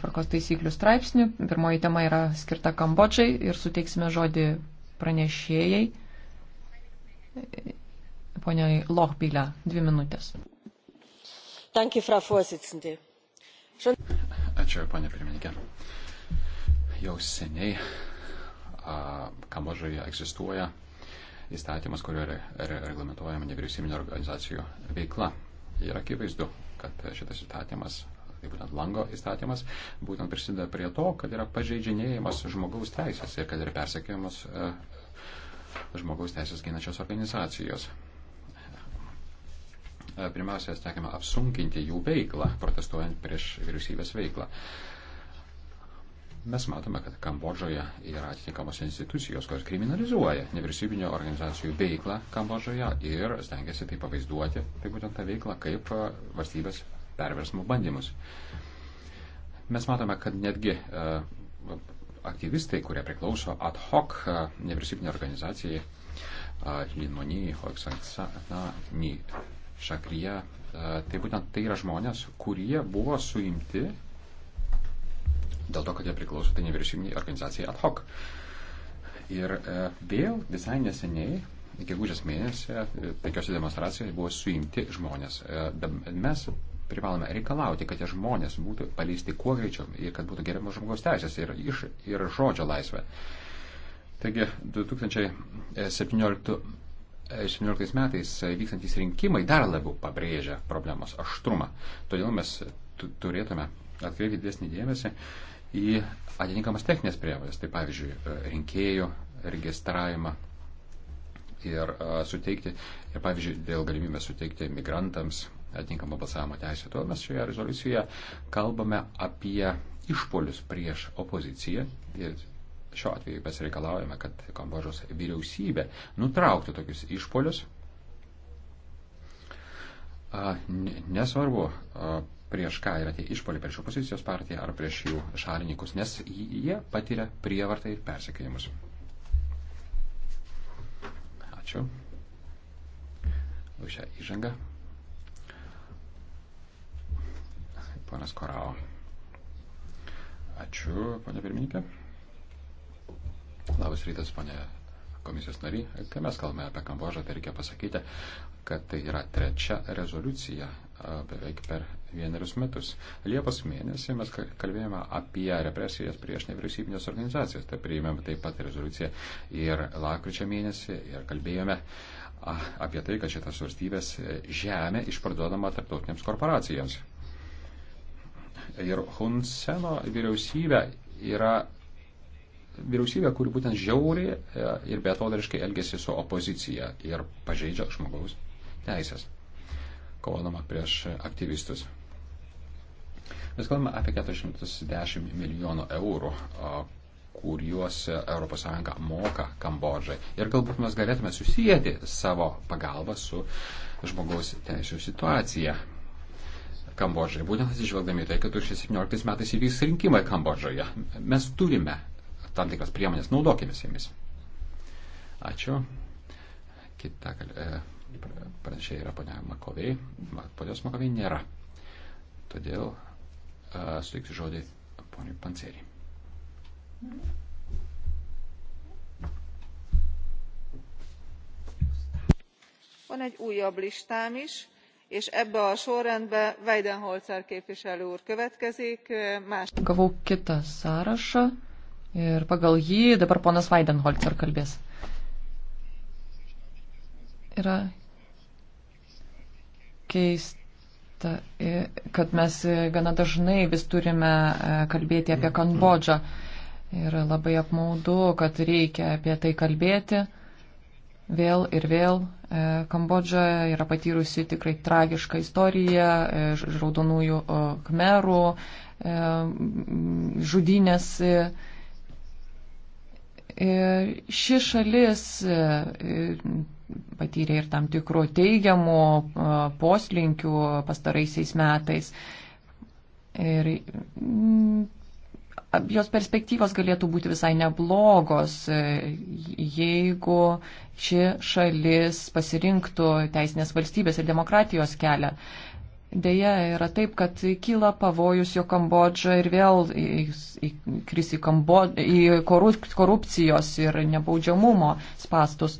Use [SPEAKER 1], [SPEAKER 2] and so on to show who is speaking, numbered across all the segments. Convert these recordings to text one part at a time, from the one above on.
[SPEAKER 1] tvarkos taisyklių straipsnių. Pirmoji tema yra skirta Kambodžai ir suteiksime žodį pranešėjai. Pone Lochbilė, dvi minutės.
[SPEAKER 2] Ačiū, ponė pirmininkė. Jau seniai Kambodžoje egzistuoja įstatymas, kuriuo re, re, reglamentuojama nevyriausybinio organizacijų veikla. Ir akivaizdu, kad šitas įstatymas tai būtent lango įstatymas, būtent prisideda prie to, kad yra pažeidžinėjimas žmogaus teisės ir kad yra persekiojamas e, žmogaus teisės ginačios organizacijos. E, pirmiausia, stengiama apsunkinti jų veiklą, protestuojant prieš vyriausybės veiklą. Mes matome, kad Kambodžoje yra atitinkamos institucijos, kurios kriminalizuoja nevyriausybinio organizacijų veiklą Kambodžoje ir stengiasi tai pavaizduoti, tai būtent tą veiklą kaip e, valstybės perversmo bandymus. Mes matome, kad netgi e, aktyvistai, kurie priklauso ad hoc e, nevyriausybinė organizacijai, e, Linmoni, Oksani, Šakrija, tai būtent tai yra žmonės, kurie buvo suimti dėl to, kad jie priklauso tai nevyriausybiniai organizacijai ad hoc. Ir vėl visai neseniai gegužės mėnesį taikiose demonstracijose buvo suimti žmonės. Mes privalome reikalauti, kad tie žmonės būtų paleisti kuo greičiau ir kad būtų gerbiamas žmogaus teisės ir, iš, ir žodžio laisvė. Taigi 2017 2017 metais vykstantis rinkimai dar labiau pabrėžia problemos aštrumą. Todėl mes turėtume atkreipti didesnį dėmesį į atitinkamas techninės priemonės, tai pavyzdžiui, rinkėjų registravimą ir suteikti, ir pavyzdžiui, dėl galimybės suteikti migrantams atinkamą balsavimo teisę. Tuo mes šioje rezoliucijoje kalbame apie išpolius prieš opoziciją ir šiuo atveju mes reikalaujame, kad Kambožos vyriausybė nutrauktų tokius išpolius. Nesvarbu, prieš ką yra tie išpoliai, prieš opozicijos partiją ar prieš jų šalininkus, nes jie patiria prievartą ir persekėjimus. Ačiū už šią įžangą. Ponas Korao. Ačiū, ponė pirmininkė. Labas rytas, ponė komisijos nariai. Kai mes kalbame apie Kambožą, tai reikia pasakyti, kad tai yra trečia rezoliucija beveik per vienerius metus. Liepos mėnesį mes kalbėjome apie represijas prieš nevyriausybinės organizacijas. Tai priėmėme taip pat rezoliuciją ir lakryčio mėnesį ir kalbėjome apie tai, kad šitas valstybės žemė išparduodama tarptautinėms korporacijoms ir Hunseno vyriausybė yra vyriausybė, kuri būtent žiauri e, ir betodariškai elgesi su opozicija ir pažeidžia žmogaus teisės, kovodama prieš aktyvistus. Mes kalbame apie 410 milijonų eurų, kuriuos ES moka Kambodžai. Ir galbūt mes galėtume susijęti savo pagalbą su žmogaus teisų situacija. Kambodžai, būtent atsižvelgdami tai, kad 2017 metais įvyks rinkimai Kambodžoje. Mes turime tam tikras priemonės, naudokimės jomis. Ačiū. Kita e, pranešėja yra ponia Makoviai. Ponios Makoviai nėra. Todėl e, suteiksiu žodį poniai Panceriai.
[SPEAKER 3] Van egy újabb listám is és ebbe a sorrendbe weidenholzer képviselő úr következik. Más...
[SPEAKER 1] Gavau kitą sąrašą ir pagal jį dabar ponas Weidenholzer kalbės. Yra keista, kad mes gana dažnai vis turime e, kalbėti apie Kambodžą. Ir labai apmaudu, kad reikia apie tai kalbėti vėl ir vėl e, Kambodža yra patyrusi tikrai tragišką istoriją, e, raudonųjų khmerų, e, žudynės. Ši šalis patyrė ir tam tikrų teigiamų poslinkių pastaraisiais metais. Ir jos perspektyvos galėtų būti visai neblogos, e, jeigu ši šalis pasirinktų teisinės valstybės ir demokratijos kelią. Deja, yra taip, kad kyla pavojus jo Kambodža ir vėl kris į, Kambod... į korupcijos ir nebaudžiamumo spastus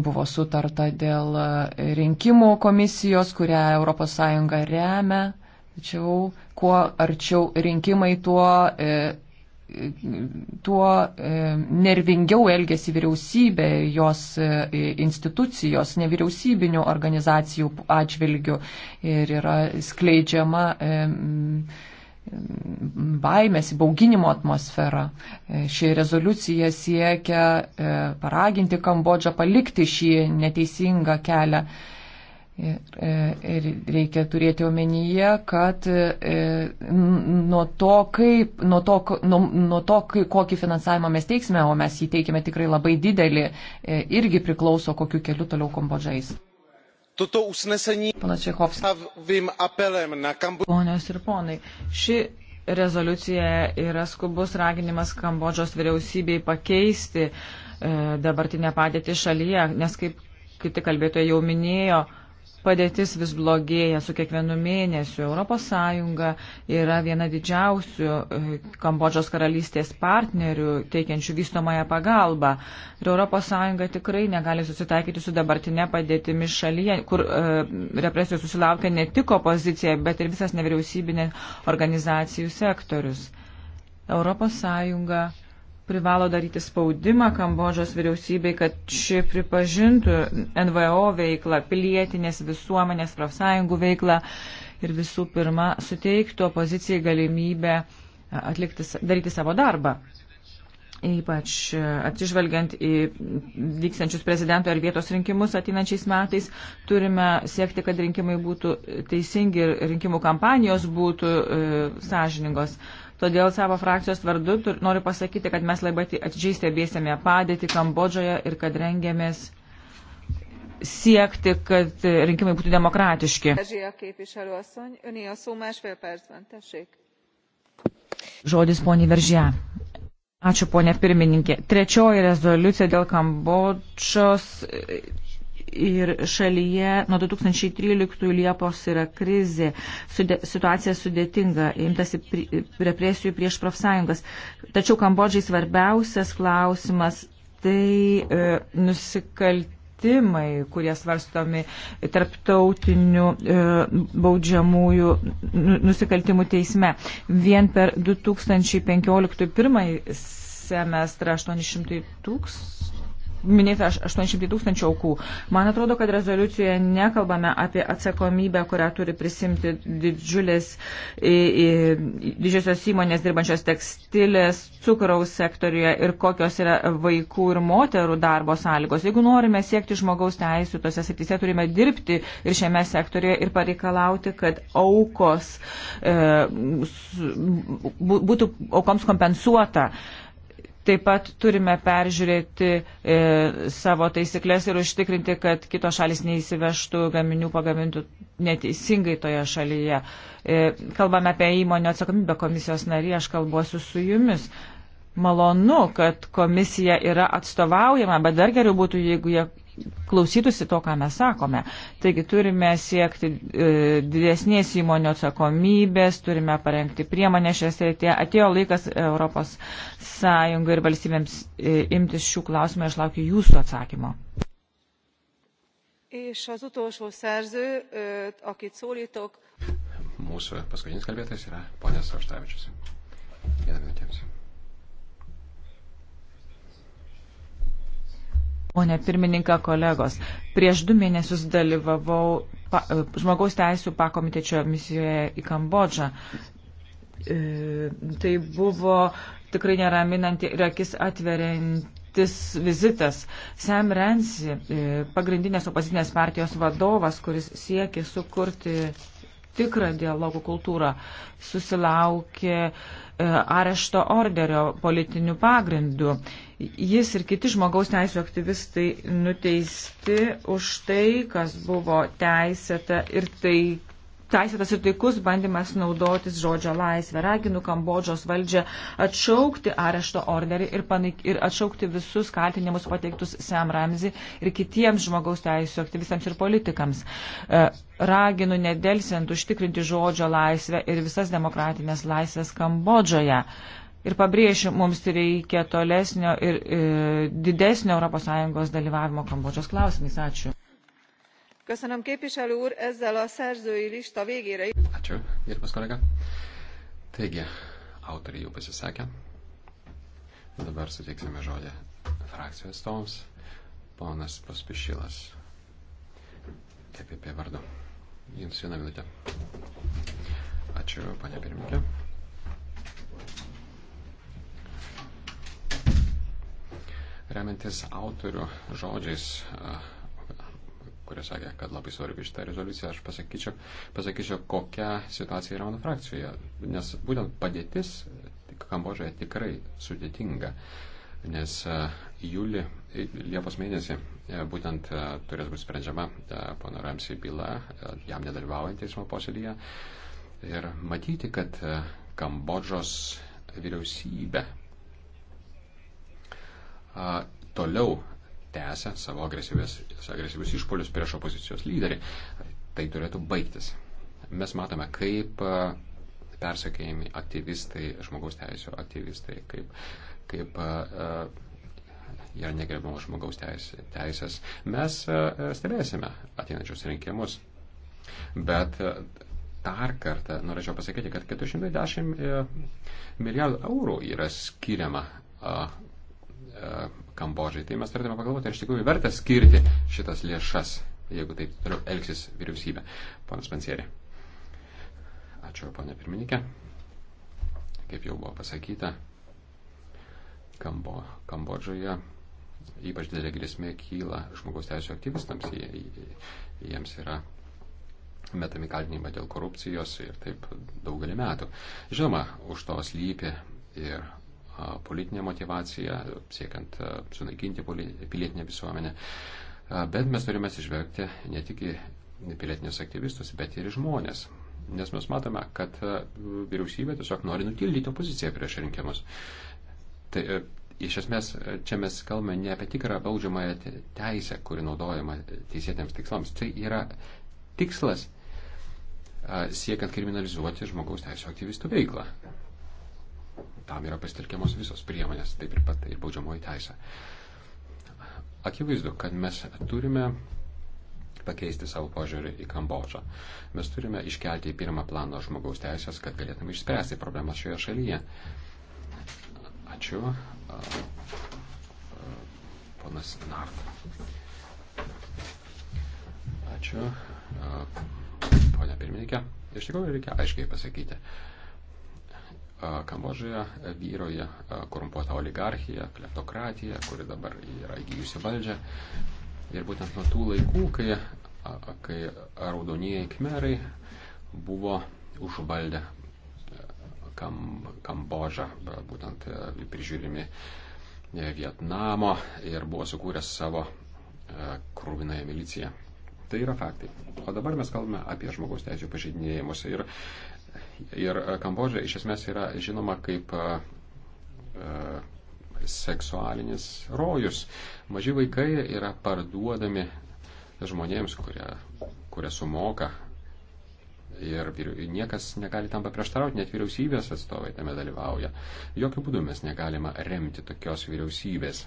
[SPEAKER 1] buvo sutarta dėl rinkimų komisijos, kurią ES remia. Tačiau kuo arčiau rinkimai, tuo, e, tuo e, nervingiau elgesi vyriausybė, jos e, institucijos, nevyriausybinių organizacijų atžvilgių ir yra skleidžiama baimės, bauginimo atmosfera. Ši rezoliucija siekia paraginti Kambodžą palikti šį neteisingą kelią E, ir reikia turėti omenyje, kad e, nuo to, kaip, nuo to, nuo, nuo to kaip, kokį finansavimą mes teiksime, o mes jį teikime tikrai labai didelį, e, irgi priklauso, kokiu keliu toliau
[SPEAKER 4] Kambodžais. Toto usnesení savým apelem na Kambodžą. Ponios ir ponai, ši rezoliucija yra skubus raginimas Kambodžos vyriausybei pakeisti e, dabartinę padėtį šalyje, nes kaip kiti kalbėtojai jau minėjo, e, Padėtis vis blogėja su kiekvienu mėnesiu. ES yra viena didžiausių eh, Kambodžos karalystės partnerių teikiančių vystomąją pagalbą. Ir ES tikrai negali susitaikyti su dabartinė padėtimi šalyje, kur e, eh, represijų susilaukia ne tik opozicija, bet ir visas nevyriausybinė organizacijų sektorius. ES privalo daryti spaudimą Kambodžos vyriausybei, kad ši pripažintų NVO veiklą, pilietinės visuomenės profsąjungų veiklą ir visų pirma suteiktų opozicijai galimybę atlikti, daryti savo darbą. Ypač atsižvelgiant į vykstančius prezidento ir vietos rinkimus ateinančiais metais, turime siekti, kad rinkimai būtų teisingi ir rinkimų kampanijos būtų e, sąžiningos. E, Todėl savo frakcijos vardu noriu pasakyti, kad mes labai atidžiai stebėsime padėtį Kambodžoje ir kad rengiamės siekti, kad rinkimai būtų demokratiški. Žodis poniai Veržė. Ačiū ponė pirmininkė. Trečioji rezoliucija dėl Kambodžos ir šalyje nuo 2013 Liepos yra krizė, sudė, situacija sudėtinga, imtasi represijų prieš profsąjungas. Tačiau Kambodžiai svarbiausias klausimas tai e, nusikaltimai, kurie svarstomi tarptautinių e, baudžiamųjų nu, nusikaltimų teisme. Vien per 2015 semestrą 800 tūkstančių minėta 800 tūkstančių aukų. Man atrodo, kad rezoliucijoje nekalbame apie atsakomybę, kurią turi prisimti didžiulės, didžiosios įmonės dirbančios tekstilės, cukraus sektorijoje ir kokios yra vaikų ir moterų darbo sąlygos. Jeigu norime siekti žmogaus teisų, tose srityse turime dirbti ir šiame sektorijoje ir pareikalauti, kad aukos e, būtų aukoms kompensuota. E, Taip pat turime peržiūrėti e, savo taisyklės ir užtikrinti, kad kitos šalis neįsivežtų gaminių pagamintų neteisingai toje šalyje. E, kalbame apie įmonių atsakomybę komisijos narį, aš kalbuosiu su jumis. Malonu, kad komisija yra atstovaujama, bet dar geriau būtų, jeigu jie klausytųsi to, ką mes sakome. Taigi turime siekti e, didesnės įmonių atsakomybės, turime parengti priemonę šią sritį. Atėjo laikas Europos Sąjungai ir valstybėms e, imtis šių klausimų ir aš laukiu jūsų atsakymo.
[SPEAKER 2] Mūsų paskutinis kalbėtojas yra ponės Aštavičius. Vieną minutę jums.
[SPEAKER 4] Pone pirmininka, kolegos, prieš du mėnesius dalyvavau pa, e, žmogaus teisų pakomitečio misijoje į Kambodžą. E, tai buvo tikrai neraminanti ir akis atveriantis vizitas. Sam Rensi, e, pagrindinės opozicinės partijos vadovas, kuris siekia sukurti tikrą dialogų kultūrą, susilaukė e, arešto orderio politinių pagrindų. Jis ir kiti žmogaus teisų aktyvistai nuteisti už tai, kas buvo teisėta ir tai, teisėtas ir taikus bandymas naudotis žodžio laisvę. Raginu Kambodžos valdžią atšaukti arešto orderį ir, panaik, ir atšaukti visus kaltinimus pateiktus Sam Ramzi ir kitiems žmogaus teisų aktyvistams ir politikams. E, raginu nedelsiant užtikrinti žodžio laisvę ir visas demokratinės laisvės Kambodžoje. Ir pabrėšiu, mums reikia tolesnio ir, ir e, didesnio ES dalyvavimo Kambodžos klausimais. Ačiū.
[SPEAKER 3] Köszönöm képviselő úr, ezzel a szerzői lista végére.
[SPEAKER 2] Ačiū, gerbas kolega. Taigi, autoriai jau pasisakė. Dabar suteiksime žodį frakcijų atstovams. Ponas Paspišilas. EPP vardu. Jums vieną minutę. Ačiū, panė pirmininkė. Remiantis autorių žodžiais, kurie sakė, kad labai svarbi šitą rezoliuciją. Aš pasakyčiau, pasakyčiau, kokia situacija yra mano frakcijoje, nes būtent padėtis Kambožoje tikrai sudėtinga, nes e, jūli, e, Liepos mėnesį e, būtent turės būti sprendžiama pono Ramsey byla, jam nedalyvaujant teismo posėdėje. Ir matyti, kad Kambodžos vyriausybė toliau tęsia savo agresyvius išpolius prieš opozicijos lyderį. Tai turėtų baigtis. Mes matome, kaip e, persekėjami aktyvistai, žmogaus teisų aktyvistai, kaip, kaip e, e, yra negerbiamos žmogaus teisės. Mes stebėsime ateinančius rinkimus. Bet dar kartą norėčiau pasakyti, kad 410 milijardų eurų yra skiriama Kambodžai. Tai mes turėtume pagalvoti, ar iš tikrųjų verta skirti šitas lėšas, jeigu taip toliau elgsis vyriausybė. Ponas Pansierė. Ačiū, ponė pirmininkė. Kaip jau buvo pasakyta, Kambo, Kambodžoje ypač didelė grėsmė kyla žmogaus teisų aktyvistams. Jie, jiems yra metami kaltinimai dėl korupcijos ir taip daugelį metų. Žinoma, už to slypi ir politinė motivacija, siekiant e, sunaikinti pilietinę visuomenę. E, bet mes turime atsižvelgti ne tik į pilietinius aktyvistus, bet ir į žmonės. Nes mes matome, kad e, vyriausybė tiesiog nori nutildyti opoziciją prieš rinkimus. Tai iš esmės čia mes kalbame ne apie tikrą baudžiamąją teisę, kuri naudojama teisėtėms tikslams. Tai yra tikslas siekiant kriminalizuoti žmogaus teisų aktyvistų veiklą. Tam yra pasitelkiamos visos priemonės, taip ir pat ir baudžiamoji teisė. Akivaizdu, kad mes turime pakeisti savo požiūrį į Kambodžą. Mes turime iškelti į pirmą planą žmogaus teisės, kad galėtume išspręsti problemas šioje šalyje. Ačiū. Ponas Nart. Ačiū. Pone pirmininkė, iš tikrųjų reikia aiškiai pasakyti. Kambodžoje vyroja korumpuota oligarchija, kleptokratija, kuri dabar yra įgyjusi valdžią. Ir būtent nuo tų laikų, kai, kai raudonieji kmerai buvo užvaldę Kam, Kambodžą, būtent e, prižiūrimi e, Vietnamo ir buvo sukūręs savo e, krūvinąją miliciją. Tai yra faktai. O dabar mes kalbame apie žmogaus teisų pažeidinėjimus. Ir Ir e, Kambodža iš esmės yra žinoma kaip e, e, seksualinis rojus. Maži vaikai yra parduodami žmonėms, kurie, kurie sumoka. Ir niekas negali tam paprieštarauti, net vyriausybės atstovai tame dalyvauja. Jokių būdų mes negalime remti tokios vyriausybės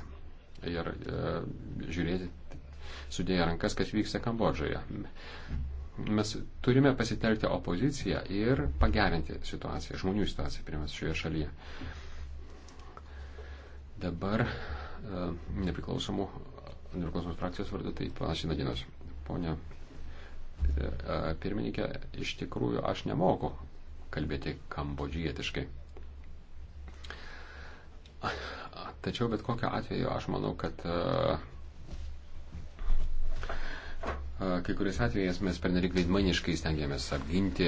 [SPEAKER 2] ir e, žiūrėti sudėję rankas, kas vyksta Kambodžoje mes turime pasitelkti opoziciją ir pagerinti situaciją, žmonių situaciją pirmiausia šioje šalyje. Dabar e, nepriklausomų, nepriklausomos frakcijos vardu taip panašiai nadinos. Pone e, pirmininkė, iš tikrųjų aš nemoku kalbėti kambodžietiškai. Tačiau bet kokiu atveju aš manau, kad uh, Kai kuriais atvejais mes pernelik veidmainiškai stengiamės apginti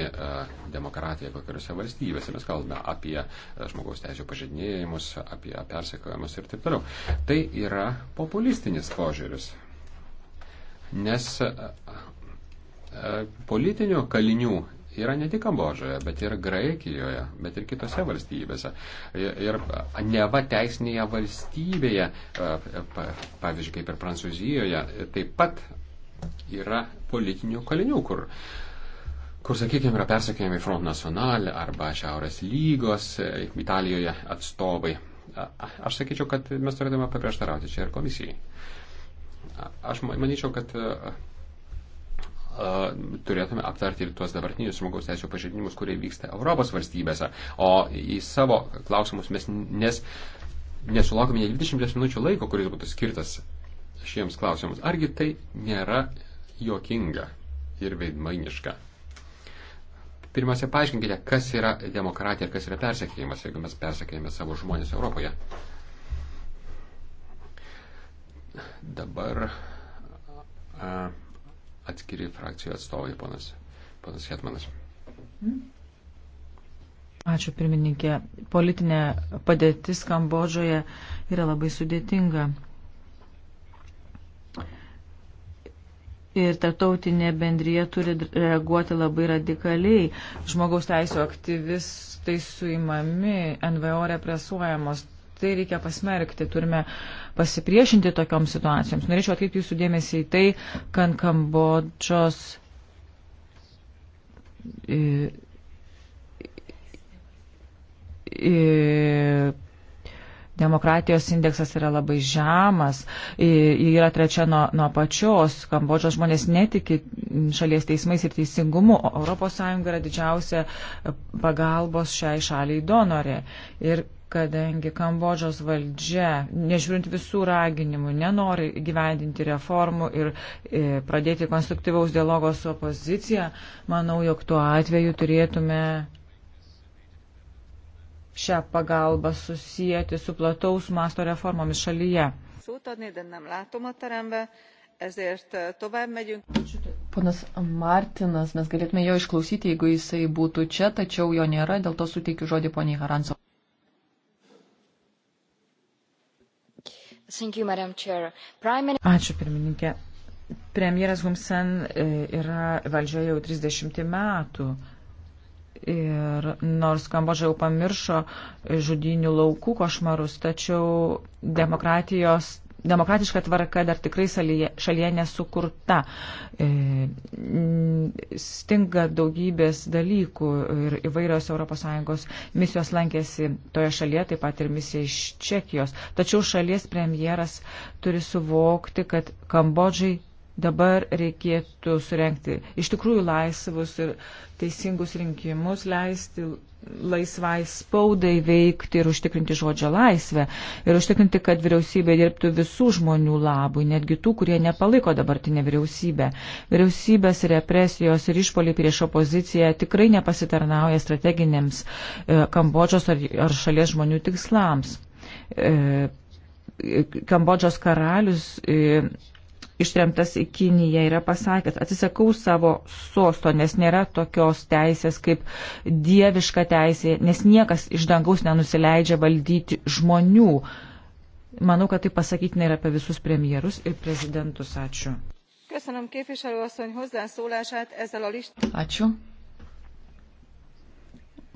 [SPEAKER 2] demokratiją kai kuriuose valstybėse. Mes kalbame apie žmogaus teisų pažeidinėjimus, apie persekiojimus ir taip toliau. Tai yra populistinis požiūris. Nes politinių kalinių yra ne tik Kambodžoje, bet ir Graikijoje, bet ir kitose valstybėse. Ir neva teisinėje valstybėje, pavyzdžiui, kaip ir Prancūzijoje, taip pat yra politinių kalinių, kur, kur sakykime, yra persekiojami Front National arba Šiaurės lygos, e, Italijoje atstovai. Aš sakyčiau, kad mes turėtume paprieštarauti čia ir komisijai. Aš manyčiau, kad e, turėtume aptarti ir tuos dabartinius žmogaus teisų pažeidimus, kurie vyksta Europos valstybėse. O į savo klausimus mes nes, nesulaukime ne 20 minučių laiko, kuris būtų skirtas šiems klausimams. Argi tai nėra juokinga ir veidmainiška? Pirmiausia, paaiškinkite, kas yra demokratija ir kas yra persekėjimas, jeigu mes persekėjame savo žmonės Europoje. Dabar a, atskiri frakcijų atstovai, ponas, ponas Hetmanas.
[SPEAKER 4] Ačiū, pirmininkė. Politinė padėtis Kambodžoje yra labai sudėtinga. Ir tarptautinė bendryje turi reaguoti labai radikaliai. Žmogaus teisų aktyvistai suimami, NVO represuojamos. Tai reikia pasmerkti, turime pasipriešinti tokioms situacijoms. Norėčiau atkreipti jūsų dėmesį į tai, kad Kambodžos Demokratijos indeksas yra labai žemas, yra trečia nuo, nuo pačios. Kambodžos žmonės netiki šalies teismais ir teisingumu, o ES yra didžiausia pagalbos šiai šaliai donorė. Ir kadangi Kambodžos valdžia, nežiūrint visų raginimų, nenori gyvendinti reformų ir e, pradėti konstruktyvaus dialogo su opozicija, manau, jog tuo atveju turėtume šią pagalbą susijęti su plataus masto reformomis šalyje.
[SPEAKER 3] Eh,
[SPEAKER 1] ponas Martinas, mes galėtume jo išklausyti, jeigu jisai būtų čia, tačiau jo nėra,
[SPEAKER 4] dėl to suteikiu žodį poniai Haranso. Ačiū pirmininkė. Premjeras Humsen eh, yra valdžioje jau 30 metų Ir nors Kambodža jau pamiršo žudinių laukų košmarus, tačiau demokratijos. Demokratiška tvarka dar tikrai šalyje, šalyje nesukurta. E, stinga daugybės dalykų ir įvairios ES misijos lankėsi toje šalyje, taip pat ir misija iš Čekijos. Tačiau šalies premjeras turi suvokti, kad Kambodžai Dabar reikėtų surenkti iš tikrųjų laisvus ir teisingus rinkimus, leisti laisvai spaudai veikti ir užtikrinti žodžio laisvę ir užtikrinti, kad vyriausybė dirbtų visų žmonių labui, netgi tų, kurie nepalaiko dabartinę vyriausybę. Vyriausybės represijos ir išpoliai prieš opoziciją tikrai nepasitarnauja strateginiams e, Kambodžos ar, ar šalies žmonių tikslams. E, Kambodžos karalius e, ištremtas į Kiniją, yra pasakęs, atsisakau savo sosto, nes nėra tokios teisės kaip dieviška teisė, nes niekas iš dangaus nenusileidžia valdyti žmonių. Manau, kad tai pasakyti nėra apie visus premjerus ir prezidentus. Ačiū. Ačiū.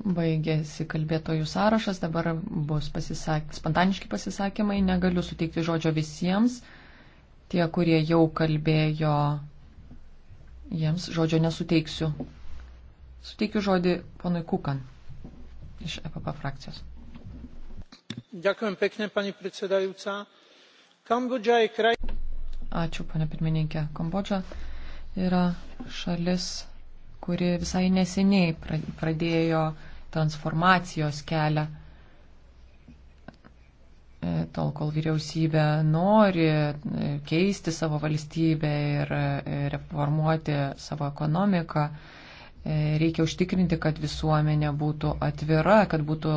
[SPEAKER 1] Baigėsi kalbėtojų sąrašas, dabar bus pasisak... spontaniški pasisakymai, negaliu suteikti žodžio visiems. Tie, kurie jau kalbėjo, jiems žodžio nesuteiksiu. Suteikiu žodį ponui Kukan iš EPP frakcijos.
[SPEAKER 3] Dėkuojam pekne, pani predsedajuca. Kambodža į kraj.
[SPEAKER 1] Ačiū, pane pirmininkė. Kambodža yra šalis, kuri visai neseniai pradėjo transformacijos kelią tol, kol vyriausybė nori e, keisti savo valstybę ir e, reformuoti savo ekonomiką, e, reikia užtikrinti, kad visuomenė būtų atvira, kad būtų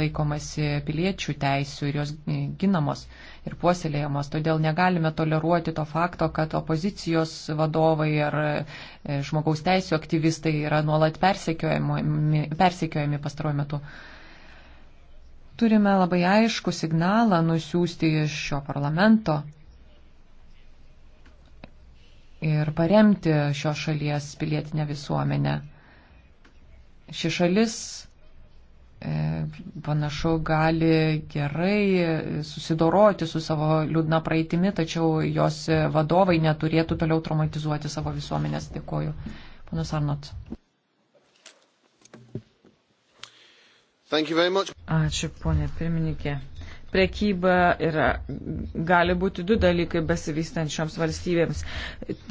[SPEAKER 1] laikomasi piliečių teisų ir jos ginamos ir puoselėjamos. Todėl negalime toleruoti to fakto, kad opozicijos vadovai ir žmogaus teisų aktyvistai yra nuolat persekiojami, persekiojami pastaruoju metu. Turime labai aišku signalą nusiųsti iš šio parlamento ir paremti šios šalies pilietinę visuomenę. Ši šalis e, panašu gali gerai susidoroti su savo liūdna praeitimi, tačiau jos vadovai neturėtų toliau traumatizuoti
[SPEAKER 4] savo visuomenės. Dėkoju. Panas Arnot. Ačiū, ponė pirmininkė. Prekyba yra, gali būti du dalykai besivystančioms valstybėms.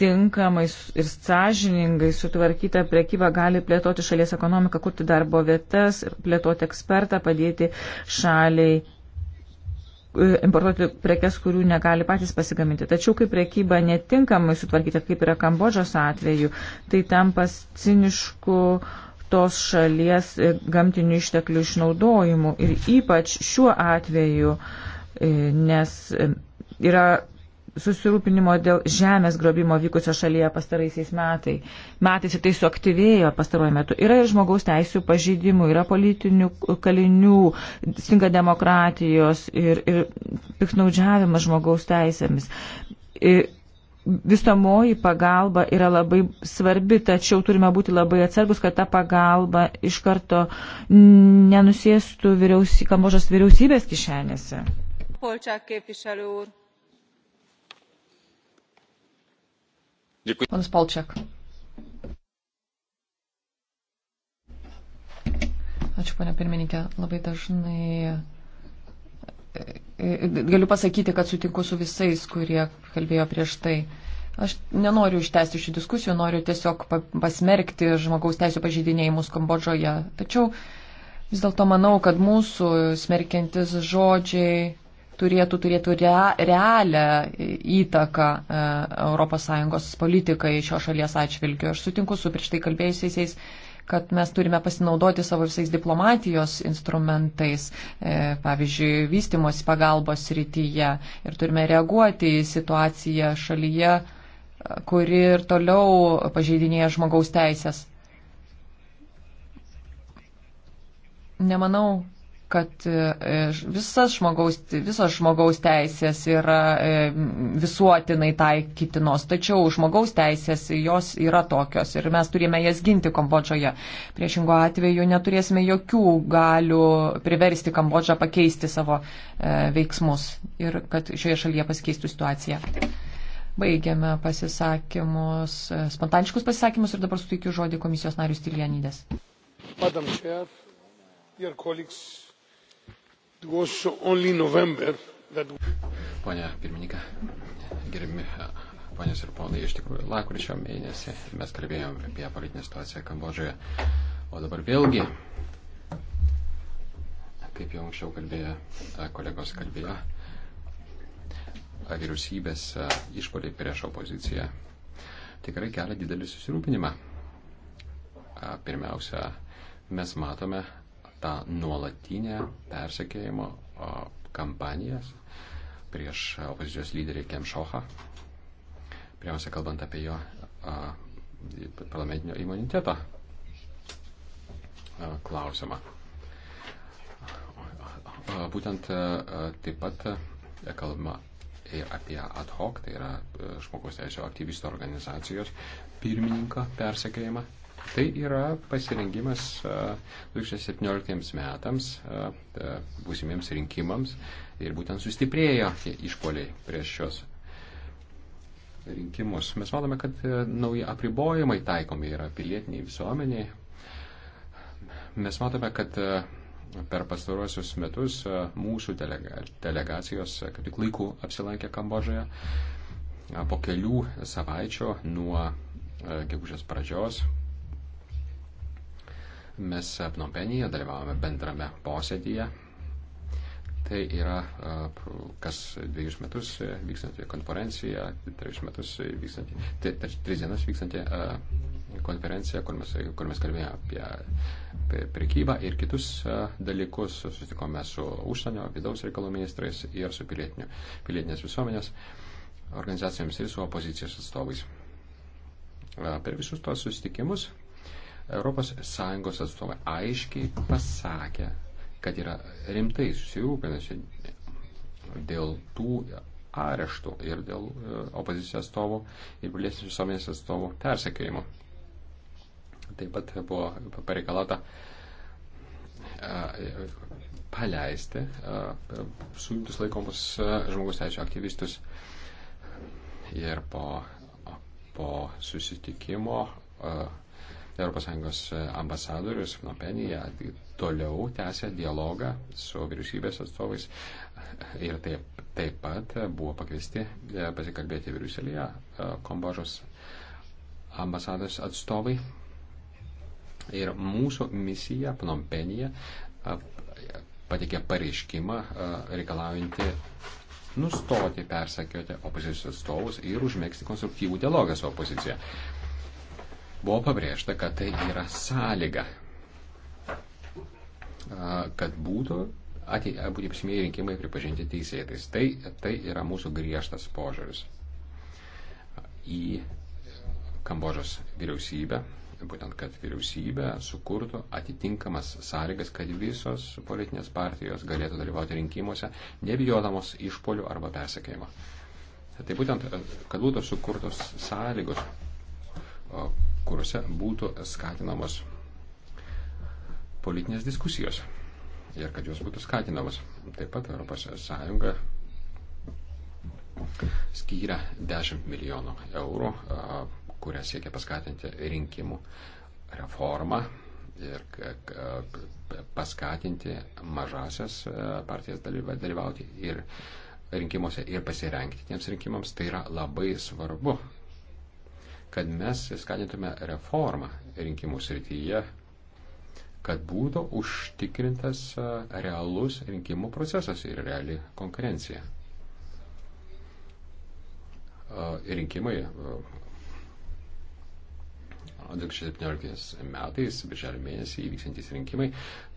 [SPEAKER 4] Tinkamai ir sąžiningai sutvarkyta prekyba gali plėtoti šalies ekonomiką, kurti darbo vietas, plėtoti ekspertą, padėti šaliai e, importuoti prekes, kurių negali patys pasigaminti. Tačiau, kai prekyba netinkamai sutvarkyta, kaip yra Kambodžos atveju, tai tampa cinišku uh, tos šalies e, gamtinių išteklių išnaudojimu ir ypač šiuo atveju, e, nes e, yra susirūpinimo dėl žemės grobimo vykusio šalyje pastaraisiais metai. metais ir tai suaktyvėjo pastaruoju metu. Yra ir žmogaus teisų pažydimų, yra politinių kalinių, stinga demokratijos ir, ir piknaudžiavimas žmogaus teisėmis. Ir visamoji pagalba yra labai svarbi, tačiau turime būti labai atsargus, kad ta pagalba iš karto nenusėstų vyriausy, kamožos vyriausybės kišenėse.
[SPEAKER 1] Ponas Polčiak. Ačiū, ponia pirmininkė. Labai dažnai
[SPEAKER 2] galiu pasakyti,
[SPEAKER 1] kad sutinku su visais, kurie kalbėjo prieš tai. Aš nenoriu ištesti šių diskusijų, noriu tiesiog pasmerkti žmogaus teisų pažydinėjimus Kambodžoje. Tačiau vis dėlto manau, kad mūsų smerkiantis žodžiai turėtų, turėtų re, realią įtaką ES politikai šios šalies atšvilgiu. Aš sutinku su prieš tai kalbėjusiais kad mes turime pasinaudoti savo visais diplomatijos instrumentais, e, pavyzdžiui, vystimosi pagalbos rytyje ir turime reaguoti į situaciją šalyje, e, kuri ir toliau pažeidinėja žmogaus teisės. Nemanau, kad e, visas žmogaus, visos žmogaus teisės yra e, visuotinai taikytinos, tačiau žmogaus teisės jos yra tokios ir mes turime jas ginti Kambodžoje. Priešingo atveju neturėsime jokių galių priversti Kambodžą pakeisti savo e, veiksmus ir kad šioje šalyje pasikeistų situacija. Baigiame pasisakymus, spontaniškus pasisakymus ir dabar suteikiu žodį komisijos narius Tilianydės.
[SPEAKER 2] Madam Chair, dear colleagues, That... Pone pirmininkė, gerimi ponės ir ponai, iš tikrųjų, lakrūčio mėnesį mes kalbėjome apie politinę situaciją Kambodžoje, o dabar vėlgi, kaip jau anksčiau kalbėjo, kolegos kalbėjo, vyriausybės išpoliai prieš opoziciją tikrai kelia didelį susirūpinimą. Pirmiausia, mes matome, tą nuolatinę persekėjimo kampaniją prieš opozicijos lyderį Kem Šochą. Pirmiausia, kalbant apie jo parlamentinio imuniteto klausimą. Būtent taip pat kalbama ir apie ad hoc, tai yra žmogus teisėjo aktyvisto organizacijos pirmininko persekėjimą Tai yra pasirengimas 2017 metams, būsimiems rinkimams ir būtent sustiprėjo išpoliai prieš šios rinkimus. Mes matome, kad e, nauji apribojimai taikomi yra pilietiniai visuomeniai. Mes matome, kad e, per pastaruosius metus e, mūsų delega, delegacijos, kaip tik laikų apsilankė Kambožoje, po kelių savaičių nuo gegužės pradžios Mes Pnompenyje dalyvavome bendrame posėdyje. Tai yra e, kas dviejus metus vykstanti konferencija, trejus metus vykstanti, tris dienas vykstanti e, konferencija, kur mes, kur mes kalbėjome apie prekybą ir kitus e, dalykus. Susitikome su užsienio, vidaus reikalų ministrais ir su pilietinės visuomenės organizacijomis ir su opozicijos atstovais. Per visus tos susitikimus ES atstovai aiškiai pasakė, kad yra rimtai susirūpinusi dėl tų areštų ir dėl e, opozicijos atstovų ir pilietinės visuomenės atstovų persekėjimo. Taip pat buvo pareikalata e, paleisti e, suimtus laikomus žmogus teisų aktyvistus ir po, po susitikimo uh, ES ambasadorius Fnopenija toliau tęsė dialogą su vyriausybės atstovais ir taip, taip pat buvo pakviesti e, pasikalbėti Briuselėje e, Kombožos ambasados atstovai. Ir mūsų misija Pnompenyje patikė pareiškimą e, reikalaujantį nustoti persekioti opozicijos atstovus ir užmėgsti konstruktyvų dialogą su opozicija. Buvo pabrėžta, kad tai yra sąlyga, kad būtų būsimieji rinkimai pripažinti teisėtais. Tai, tai yra mūsų griežtas požiūris į Kambožos vyriausybę, būtent kad vyriausybė sukurtų atitinkamas sąlygas, kad visos politinės partijos galėtų dalyvauti rinkimuose, nebijodamos išpolių arba persekėjimo. Tai būtent, kad būtų sukurtos sąlygos, kuriuose būtų skatinamos politinės diskusijos ir kad jos būtų skatinamos. Taip pat ES skyrė 10 milijonų eurų, kurią siekia paskatinti rinkimų reformą ir paskatinti mažasias partijas dalyvauti ir rinkimuose ir pasirengti tiems rinkimams. Tai yra labai svarbu kad mes skatintume reformą rinkimų srityje, kad būtų užtikrintas realus rinkimų procesas ir reali konkurencija. Rinkimai 2017 metais, birželio mėnesį įvyksantys rinkimai,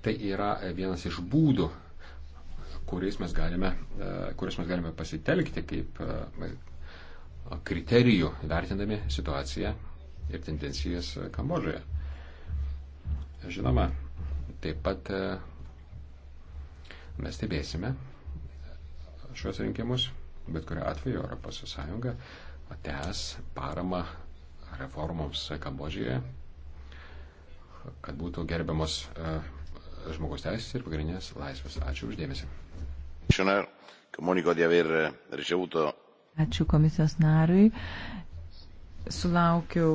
[SPEAKER 2] tai yra vienas iš būdų, kuriais mes galime, kuriais mes galime pasitelkti kaip kriterijų vertindami situaciją ir tendencijas Kambodžoje. Žinoma, taip pat e, mes stebėsime šios rinkimus, bet kuriuo atveju ES tęs paramą reformoms Kambodžioje, kad būtų gerbiamos e, žmogaus teisės ir pagrindinės laisvės. Ačiū uždėmesį. Comunico di aver ricevuto
[SPEAKER 4] Ačiū komisijos nariui. Sulaukiau